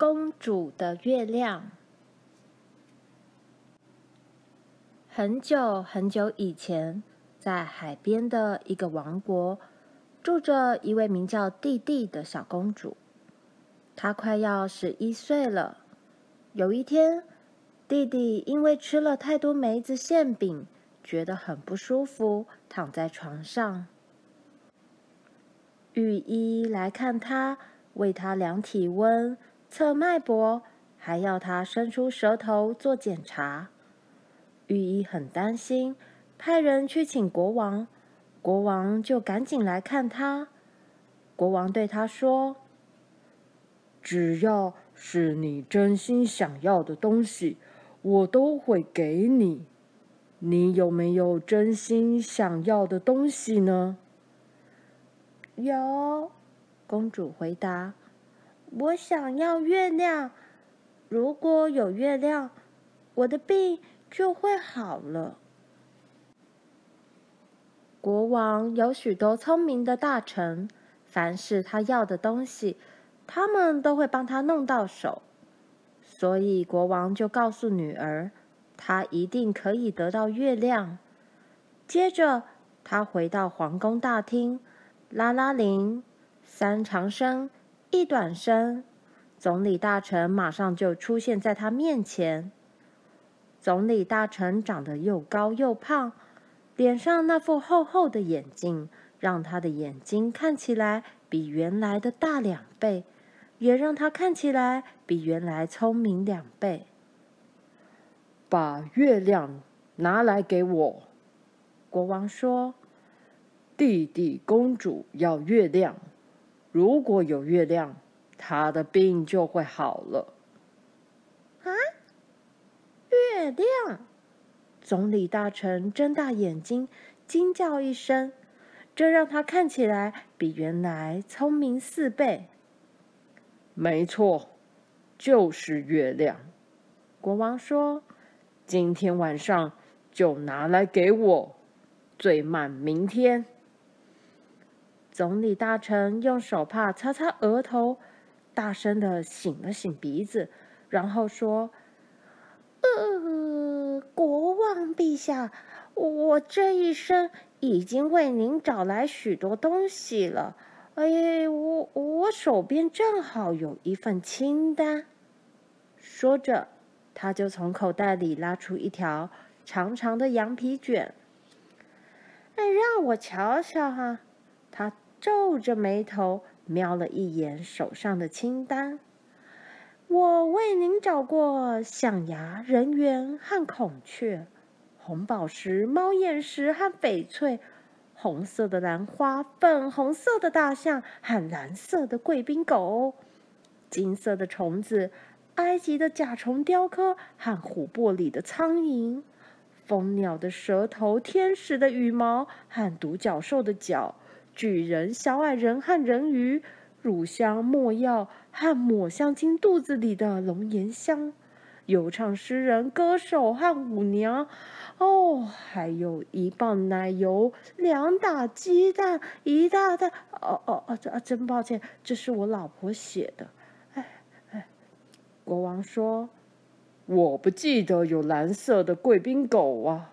公主的月亮。很久很久以前，在海邊的一個王國，住着一位名叫蒂蒂的小公主。她快要十一歲了。有一天，蒂蒂因為吃了太多梅子餡餅，覺得很不舒服，躺在床上。御醫來看他，為他量體溫。測脈搏，還要他伸出舌頭做檢查。御醫很擔心，派人去請國王。國王就趕緊來看他。國王對他說：“只要是你真心想要的東西，我都會給你。你有沒有真心想要的東西呢？”有，公主回答。我想要月亮，如果有月亮，我的病就會好了。國王有許多聰明的大臣，凡是他要的東西，他們都會幫他弄到手，所以國王就告訴女兒，他一定可以得到月亮。接着，他回到皇宮大廳，拉拉鈴，三長聲。一轉身，總理大臣馬上就出現在他面前。總理大臣長得又高又胖，臉上那副厚厚的眼鏡，讓他的眼睛看起來比原來的大兩倍，也讓他看起來比原來聰明兩倍。把月亮拿來給我，國王說：“弟弟，公主要月亮。”如果有月亮，他的病就會好了。啊！月亮！總理大臣睜大眼睛，驚叫一聲，這讓他看起來比原來聰明四倍。沒錯，就是月亮。國王說：“今天晚上就拿來給我，最慢明天。”總理大臣用手帕擦擦額頭，大聲的擤了擤鼻子，然後說：“呃，國王陛下，我這一生已經為您找來許多東西了。哎，我我手邊正好有一份清單。”說着，他就從口袋裡拉出一條長長的羊皮卷。“哎，讓我瞧瞧哈。”皺着眉頭，瞄了一眼手上的清單。我為您找過象牙、人猿和孔雀、紅寶石、貓眼石和翡翠、紅色的蘭花、粉紅色的大象和藍色的貴賓狗、金色的蟲子、埃及的甲蟲雕刻和琥珀裡的蒼蠅、蜂鳥的舌頭、天使的羽毛和獨角獸的角。巨人、小矮人和人魚，乳香、沒藥和抹香鯨肚子裡的龍涎香，遊唱詩人、歌手和舞娘。哦，還有一磅奶油，兩打雞蛋，一大袋。哦哦哦，這啊，真抱歉，這是我老婆寫的。哎哎，國王說：“我不記得有藍色的貴賓狗啊。”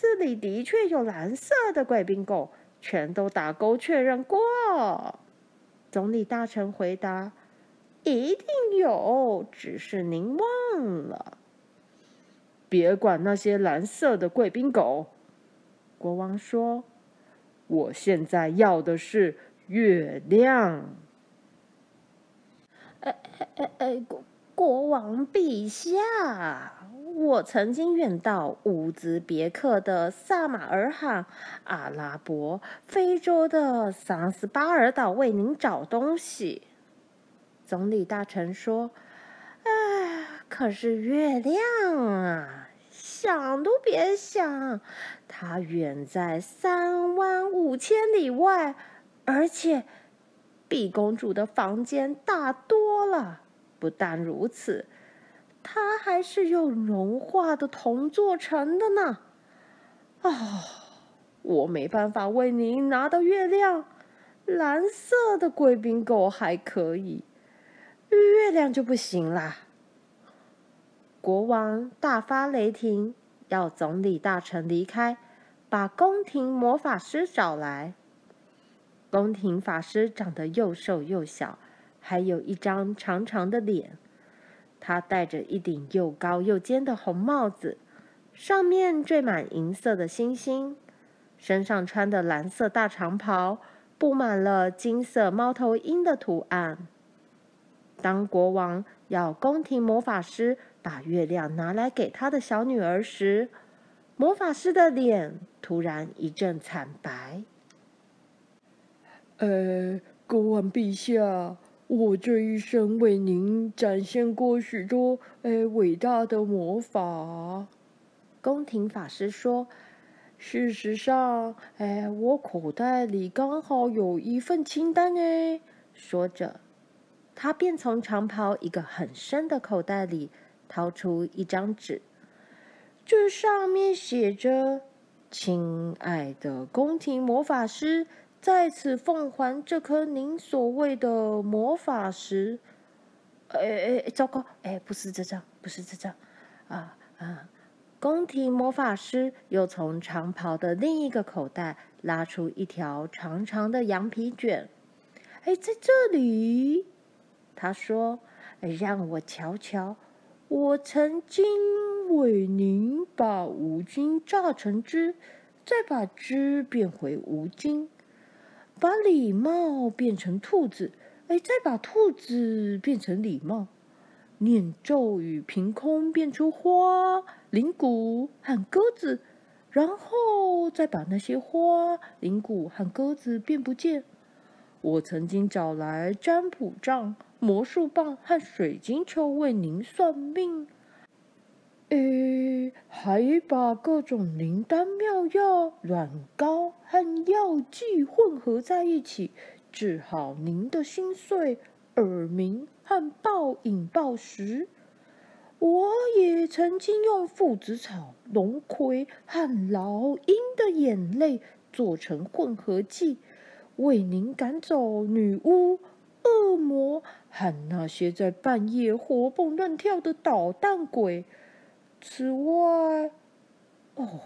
這裡的確有藍色的貴賓狗，全都打勾確認過。總理大臣回答：“一定有，只是您忘了。”別管那些藍色的貴賓狗，國王說：“我現在要的是月亮。”哎哎哎哎。國王陛下，我曾經遠到烏茲別克的薩馬爾罕、阿拉伯、非洲的桑斯巴爾島為您找東西。總理大臣說：“哎，可是月亮啊，想都別想，它遠在三萬五千里外，而且比公主的房間大多了。”不但如此，它還是用融化的銅做成的呢。哦，我沒辦法為您拿到月亮。藍色的貴賓狗還可以，月亮就不行啦。國王大發雷霆，要總理大臣離開，把宮廷魔法師找來。宮廷法師長得又瘦又小。還有一張長長的臉，他戴着一頂又高又尖的紅帽子，上面綴滿銀色的星星，身上穿的藍色大長袍布滿了金色貓頭鷹的圖案。當國王要宮廷魔法師把月亮拿來給他的小女兒時，魔法師的臉突然一陣慘白。呃，國王陛下。我這一生為您展現過許多，哎，偉大的魔法啊。宮廷法師說。事實上，哎，我口袋裡剛好有一份清單哎。說着，他便從長袍一個很深的口袋裡掏出一張紙，這上面寫着：“親愛的宮廷魔法師。”在此奉還這顆您所謂的魔法石。哎哎哎，糟糕！哎，不是這張，不是這張，啊啊！宮廷魔法師又從長袍的另一個口袋拉出一條長長的羊皮卷。哎，在這裡，他說：“讓我瞧瞧，我曾經為您把蕪菁榨成汁，再把汁變回蕪菁。”把禮帽變成兔子，哎，再把兔子變成禮帽，念咒語憑空變出花、鈴鼓和鴿子，然後再把那些花、鈴鼓和鴿子變不見。我曾經找來占卜杖、魔術棒和水晶球為您算命。誒，還把各種靈丹妙藥、軟膏和藥劑混合在一起，治好您的心碎、耳鳴和暴飲暴食。我也曾經用附子草、龍葵和老鷹的眼淚做成混合劑，為您趕走女巫、惡魔和那些在半夜活蹦亂跳的搗蛋鬼。此外，哦，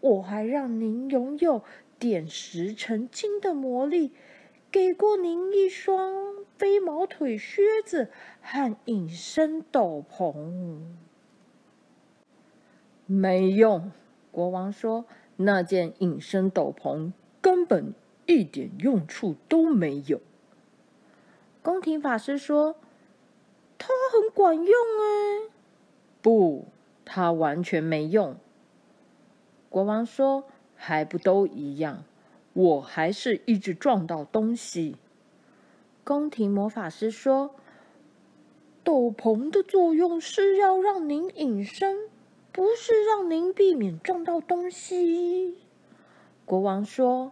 我還讓您擁有點石成金的魔力，給過您一雙飛毛腿靴子和隱身斗篷。沒用，國王說，那件隱身斗篷根本一點用處都沒有。宮廷法師說，它很管用啊，欸。不。他完全沒用，國王說：“還不都一樣？我還是一直撞到東西。”宮廷魔法師說：“斗篷的作用是要讓您隱身，不是讓您避免撞到東西。”國王說：“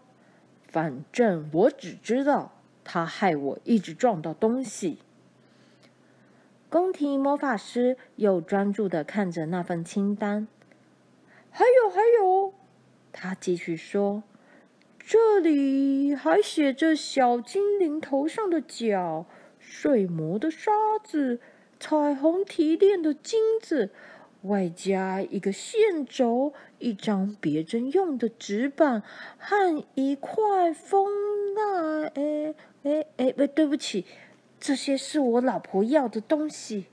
反正我只知道，他害我一直撞到東西。”宮廷魔法師又專注的看着那份清單，還有還有，他繼續說，這裡還寫着小精靈頭上的角、睡魔的沙子、彩虹提煉的金子，外加一個線軸、一張別針用的紙板和一塊蜂蠟、欸。哎哎哎，對不起。這些是我老婆要的東西。”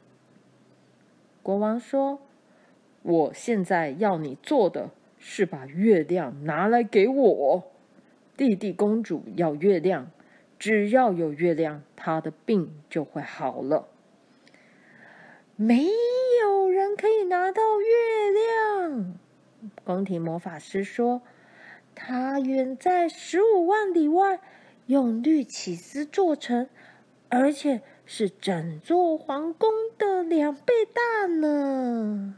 國王說，“我現在要你做的是把月亮拿來給我。弟弟公主要月亮，只要有月亮，她的病就會好了。沒有人可以拿到月亮。”宮廷魔法師說，“它遠在十五萬里外，用綠起司做成。”而且是整座皇宮的兩倍大呢！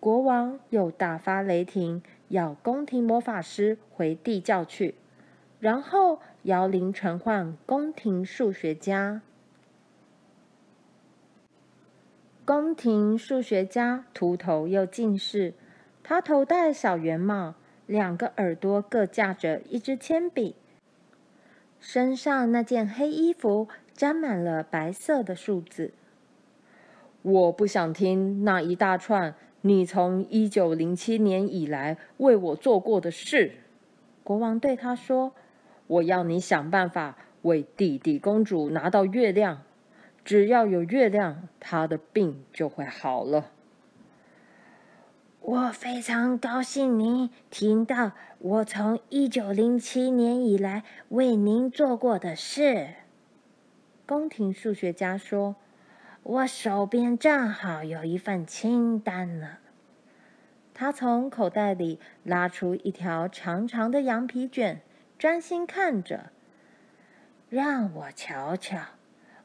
國王又大發雷霆，要宮廷魔法師回地窖去，然後搖鈴傳喚宮廷數學家。宮廷數學家禿頭又近視，他頭戴小圓帽，兩個耳朵各架着一支鉛筆。身上那件黑衣服沾滿了白色的數字。我不想聽那一大串你從一九零七年以來為我做過的事。國王對他說：“我要你想辦法為弟弟公主拿到月亮，只要有月亮，她的病就會好了。”我非常高興您聽到我從一九零七年以來為您做過的事。宮廷數學家說：“我手邊正好有一份清單呢。”他從口袋裡拉出一條長長的羊皮卷，專心看着。讓我瞧瞧，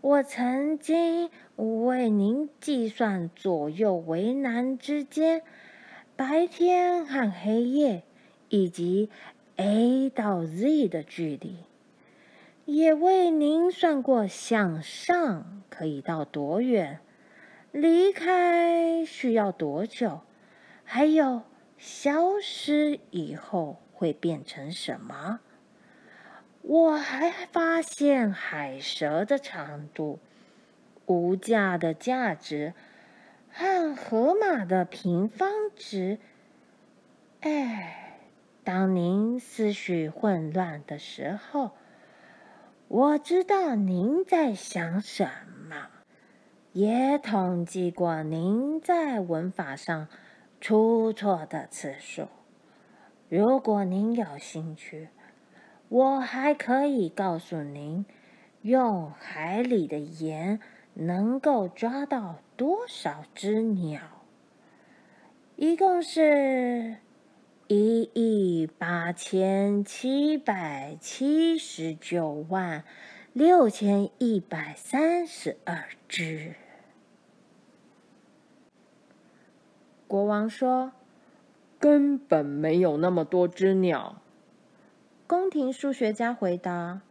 我曾經為您計算左右為難之間，白天和黑夜，以及 A 到 Z 的距離，也為您算過向上可以到多遠，離開需要多久，還有消失以後會變成什麼。我還發現海蛇的長度，無價的價值。按河馬的平方值。哎，當您思緒混亂的時候，我知道您在想什麼，也統計過您在文法上出錯的次數。如果您有興趣，我還可以告訴您，用海裡的鹽能夠抓到。多少隻鳥？一共是一億八千七百七十九萬六千一百三十二隻。國王說：“根本沒有那麼多隻鳥。”宮廷數學家回答：“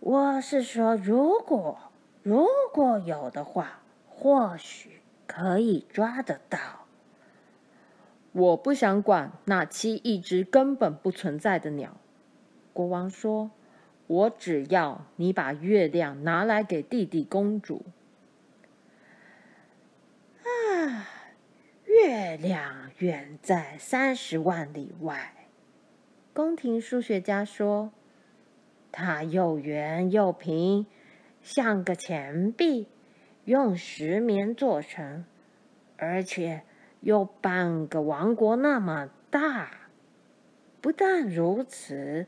我是說，如果，如果有的話。”或許可以抓得到。我不想管那七億隻根本不存在的鳥，國王說：“我只要你把月亮拿來給弟弟公主。”啊，月亮遠在三十萬里外，宮廷數學家說：“它又圓又平，像個錢幣。”用石棉做成，而且有半個王國那麼大。不但如此，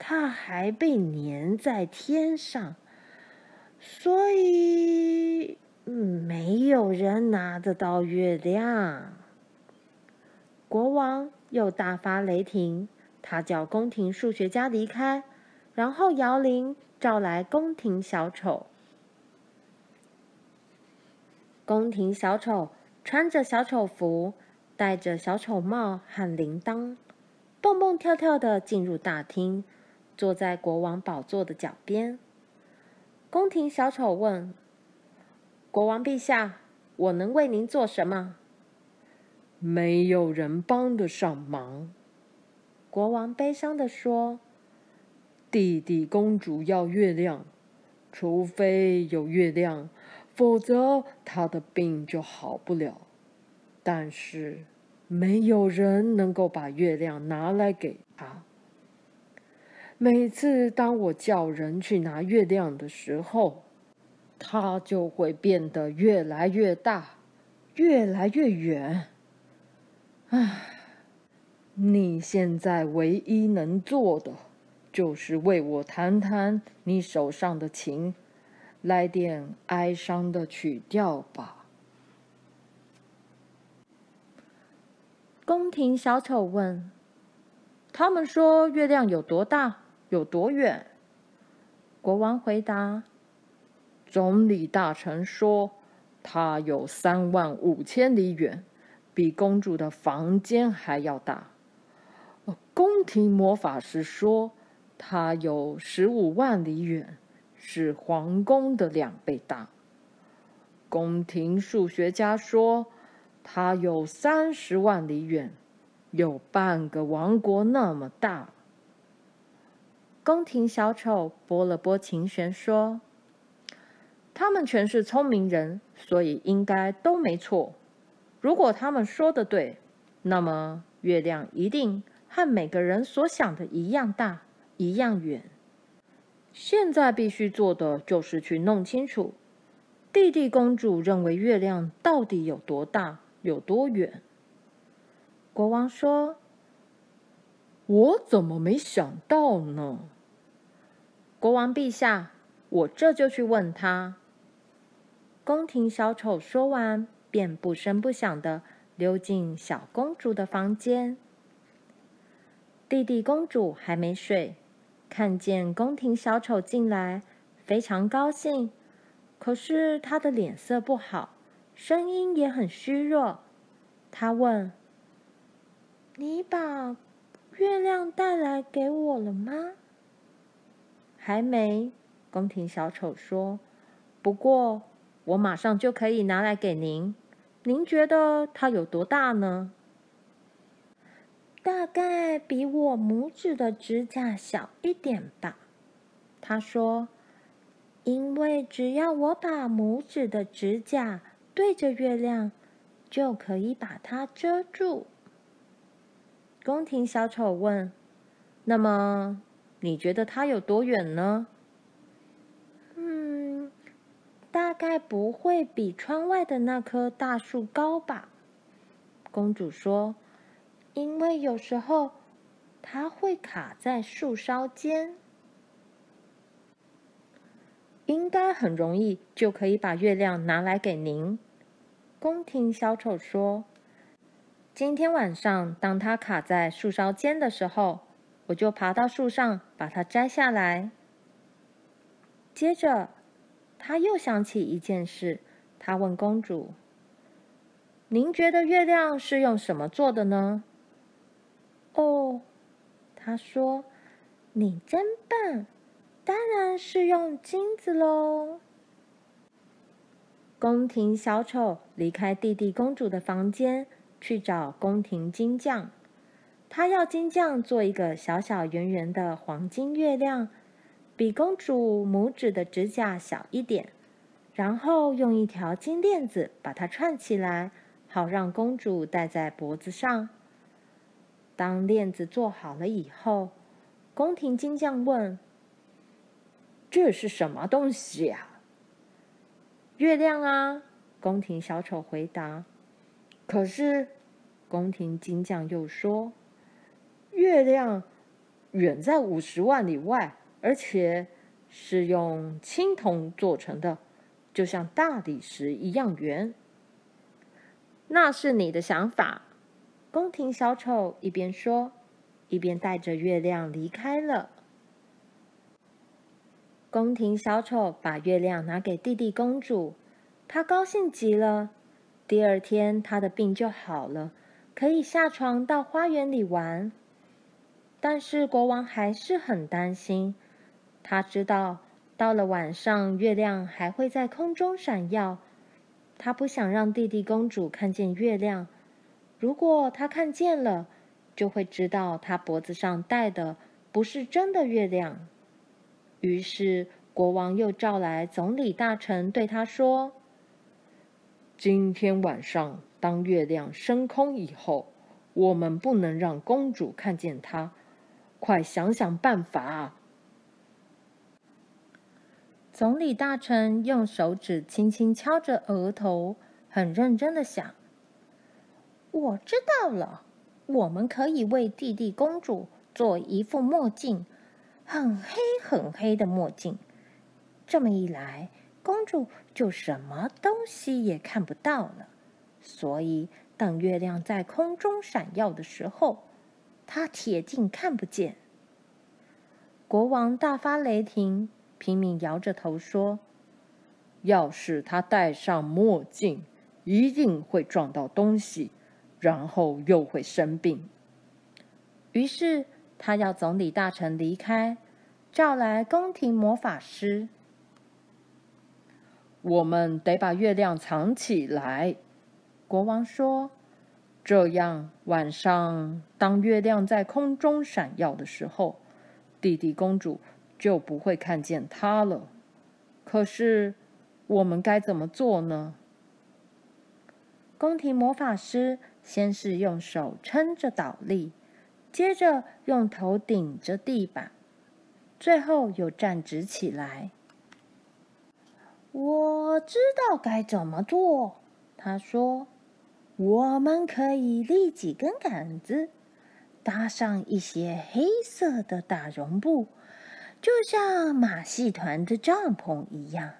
它還被粘在天上，所以，嗯，沒有人拿得到月亮。國王又大發雷霆，他叫宮廷數學家離開，然後搖鈴，召來宮廷小丑。宮廷小丑穿着小丑服，戴着小丑帽和鈴鐺，蹦蹦跳跳地進入大廳，坐在國王寶座的腳邊。宮廷小丑問：“國王陛下，我能為您做什麼？”“沒有人幫得上忙。”國王悲傷地說：“弟弟，公主要月亮，除非有月亮。”否則，他的病就好不了。但是，沒有人能夠把月亮拿來給他。每次當我叫人去拿月亮的時候，他就會變得越來越大，越來越遠。唉，你現在唯一能做的，就是為我彈彈你手上的琴。來點哀傷的曲調吧。宮廷小丑問：“他們說月亮有多大，有多遠？”國王回答：“總理大臣說，它有三萬五千里遠，比公主的房間還要大。”宮廷魔法師說：“它有十五萬里遠。”是皇宮的兩倍大。宮廷數學家說，它有三十萬里遠，有半個王國那麼大。宮廷小丑撥了撥琴絃，說：“他們全是聰明人，所以應該都沒錯。如果他們說的對，那麼月亮一定和每個人所想的一樣大，一樣遠。”現在必須做的就是去弄清楚，弟弟公主認為月亮到底有多大、有多遠。國王說：“我怎麼沒想到呢？”國王陛下，我這就去問他。宮廷小丑說完，便不聲不響地溜進小公主的房間。弟弟公主還沒睡。看見宮廷小丑進來，非常高興，可是他的臉色不好，聲音也很虛弱。他問：“你把月亮帶來給我了嗎？”還沒，宮廷小丑說：“不過我馬上就可以拿來給您，您覺得它有多大呢？”大概比我拇指的指甲小一點吧，她說：“因為只要我把拇指的指甲對着月亮，就可以把它遮住。”宮廷小丑問：“那麼你覺得它有多遠呢？”“嗯，大概不會比窗外的那棵大樹高吧。”公主說。因為有時候它會卡在樹梢間，應該很容易就可以把月亮拿來給您。宮廷小丑說：“今天晚上，當它卡在樹梢間的時候，我就爬到樹上把它摘下來。”接着，他又想起一件事，他問公主：“您覺得月亮是用什麼做的呢？”哦，他說：“你真棒！當然是用金子嘍。”宮廷小丑離開弟弟公主的房間，去找宮廷金匠。他要金匠做一個小小圓圓的黃金月亮，比公主拇指的指甲小一點，然後用一條金鏈子把它串起來，好讓公主戴在脖子上。當鏈子做好了以後，宮廷金匠問：“這是什麼東西呀？”“月亮啊！”宮廷小丑回答。“可是，宮廷金匠又說：‘月亮遠在五十萬里外，而且是用青銅做成的，就像大理石一樣圓。’那是你的想法。”宮廷小丑一邊說，一邊帶着月亮離開了。宮廷小丑把月亮拿給弟弟公主，她高興極了。第二天，她的病就好了，可以下床到花園裡玩。但是國王還是很擔心，他知道到了晚上月亮還會在空中閃耀，他不想讓弟弟公主看見月亮。如果他看見了，就會知道他脖子上戴的不是真的月亮。於是國王又召來總理大臣，對他說：“今天晚上當月亮升空以後，我們不能讓公主看見他，快想想辦法！”總理大臣用手指輕輕敲着額頭，很認真的想。我知道了，我們可以為弟弟公主做一副墨鏡，很黑很黑的墨鏡。這麼一來，公主就什麼東西也看不到了。所以，等月亮在空中閃耀的時候，她鐵定看不見。國王大發雷霆，拼命搖着頭說：“要是她戴上墨鏡，一定會撞到東西。”然後又會生病。於是他要總理大臣離開，叫來宮廷魔法師。我們得把月亮藏起來，國王說：“這樣晚上，當月亮在空中閃耀的時候，弟弟公主就不會看見他了。”可是我們該怎麼做呢？宮廷魔法師。先是用手撐着倒立，接着用頭頂着地板，最後又站直起來。我知道該怎麼做，他說：“我們可以立幾根桿子，搭上一些黑色的大絨布，就像馬戲團的帳篷一樣，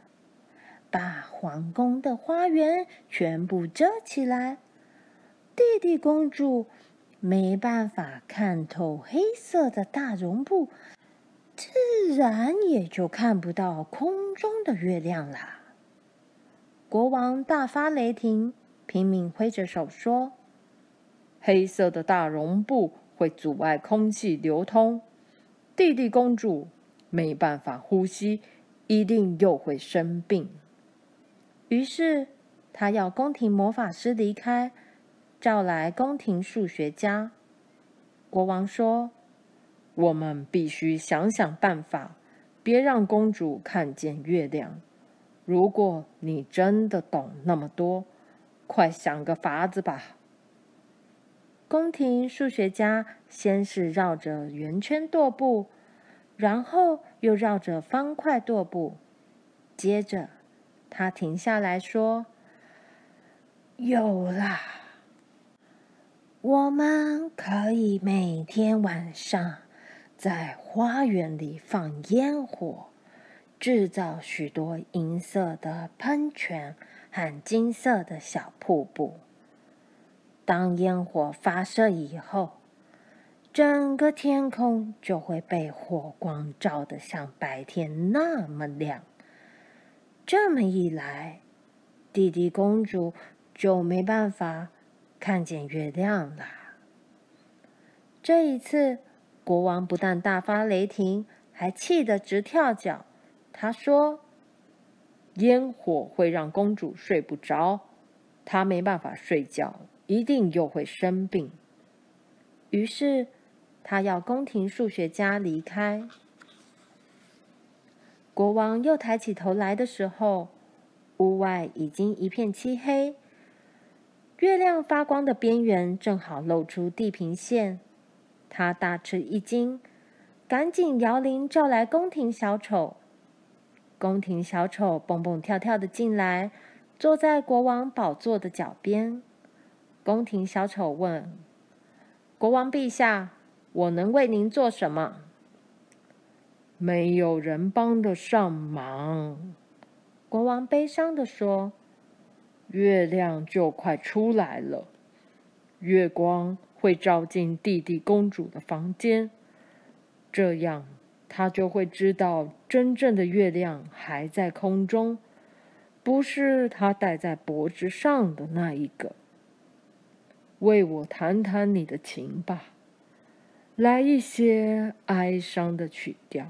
把皇宮的花園全部遮起來。”弟弟公主沒辦法看透黑色的大絨布，自然也就看不到空中的月亮了。國王大發雷霆，拼命揮着手說：“黑色的大絨布會阻礙空氣流通，弟弟公主沒辦法呼吸，一定又會生病。”於是他要宮廷魔法師離開。召來宮廷數學家，國王說：“我們必須想想辦法，別讓公主看見月亮。如果你真的懂那麼多，快想個法子吧。”宮廷數學家先是繞着圓圈踱步，然後又繞着方塊踱步，接着他停下來說：“有啦。”我們可以每天晚上在花園裡放煙火，制造許多銀色的噴泉和金色的小瀑布。當煙火發射以後，整個天空就會被火光照得像白天那麼亮。這麼一來，弟弟公主就沒辦法。看見月亮了。這一次，國王不但大發雷霆，還氣得直跳腳。他說：“煙火會讓公主睡不着，她沒辦法睡覺，一定又會生病。”於是，他要宮廷數學家離開。國王又抬起頭來的時候，屋外已經一片漆黑。月亮發光的邊緣正好露出地平線，他大吃一驚，趕緊搖鈴叫來宮廷小丑。宮廷小丑蹦蹦跳跳的進來，坐在國王寶座的腳邊。宮廷小丑問：“國王陛下，我能為您做什麼？”“沒有人幫得上忙。”國王悲傷地說。月亮就快出來了，月光會照進弟弟公主的房間，這樣她就會知道真正的月亮還在空中，不是她戴在脖子上的那一個。為我彈彈你的琴吧，來一些哀傷的曲調，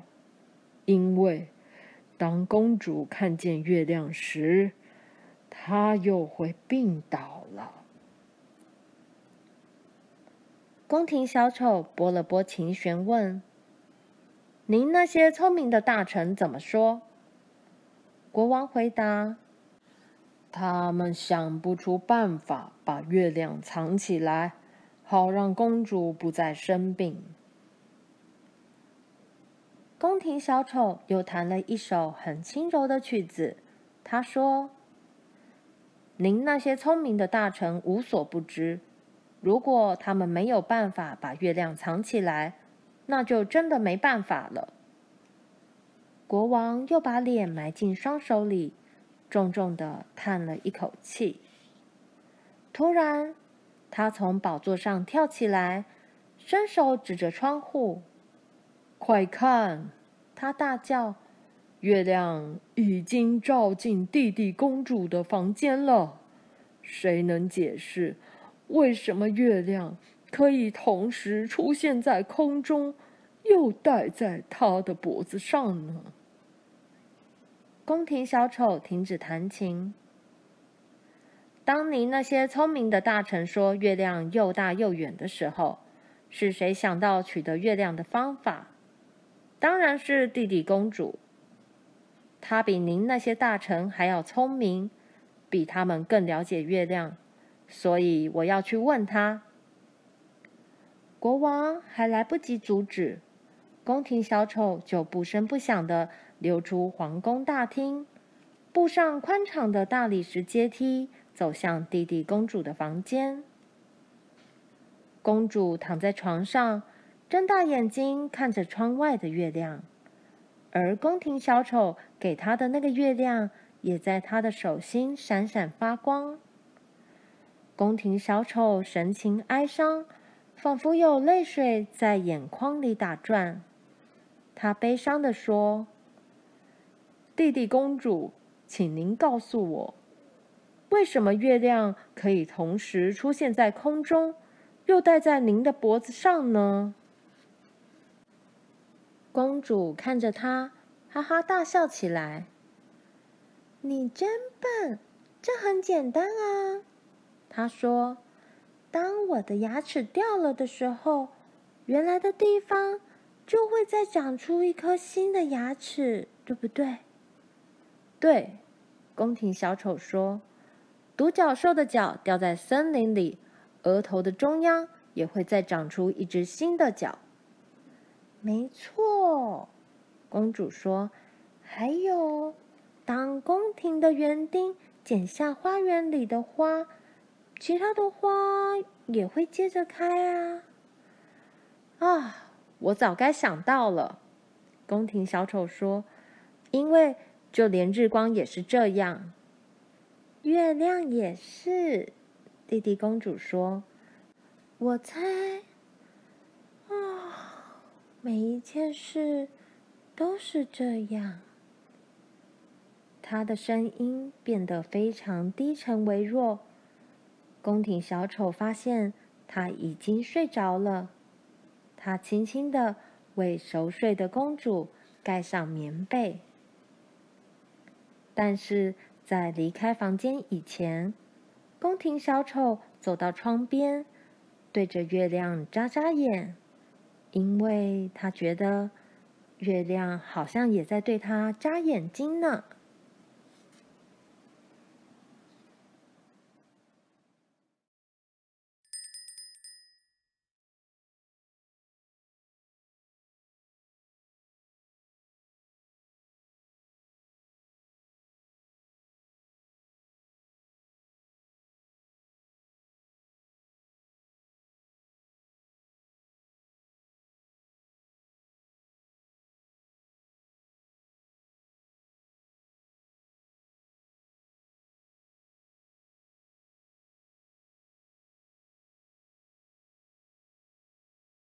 因為當公主看見月亮時。他又會病倒了。宮廷小丑撥了撥琴弦，問：“您那些聰明的大臣怎麼說？”國王回答：“他們想不出辦法把月亮藏起來，好讓公主不再生病。”宮廷小丑又彈了一首很輕柔的曲子，他說。您那些聰明的大臣無所不知，如果他們沒有辦法把月亮藏起來，那就真的沒辦法了。國王又把臉埋進雙手裡，重重的嘆了一口氣。突然，他從寶座上跳起來，伸手指着窗戶：“快看！”他大叫。月亮已經照進弟弟公主的房間了，誰能解釋為什麼月亮可以同時出現在空中，又戴在她的脖子上呢？宮廷小丑停止彈琴。當您那些聰明的大臣說月亮又大又遠的時候，是誰想到取得月亮的方法？當然是弟弟公主。他比您那些大臣還要聰明，比他們更了解月亮，所以我要去問他。國王還來不及阻止，宮廷小丑就不聲不響地溜出皇宮大廳，步上寬敞的大理石階梯，走向弟弟公主的房間。公主躺在床上，睜大眼睛看着窗外的月亮。而宮廷小丑給他的那個月亮，也在他的手心閃閃發光。宮廷小丑神情哀傷，仿佛有淚水在眼眶裡打轉。他悲傷地說：“弟弟公主，請您告訴我，為什麼月亮可以同時出現在空中，又戴在您的脖子上呢？”公主看着他，哈哈大笑起來。“你真笨，這很簡單啊！”她說，“當我的牙齒掉了的時候，原來的地方就會再長出一顆新的牙齒，對不對？”“對。”宮廷小丑說，“獨角獸的角掉在森林裡，額頭的中央也會再長出一只新的角。”沒錯，公主說：“還有，當宮廷的園丁剪下花園裡的花，其他的花也會接着開啊。”啊、哦，我早該想到了，宮廷小丑說：“因為就連日光也是這樣，月亮也是。”弟弟公主說：“我猜，啊、哦。”每一件事都是這樣。他的聲音變得非常低沉微弱。宮廷小丑發現他已經睡着了他輕輕的為熟睡的公主蓋上棉被。但是在離開房間以前，宮廷小丑走到窗邊，對着月亮眨眨眼。因為他覺得，月亮好像也在對他眨眼睛呢。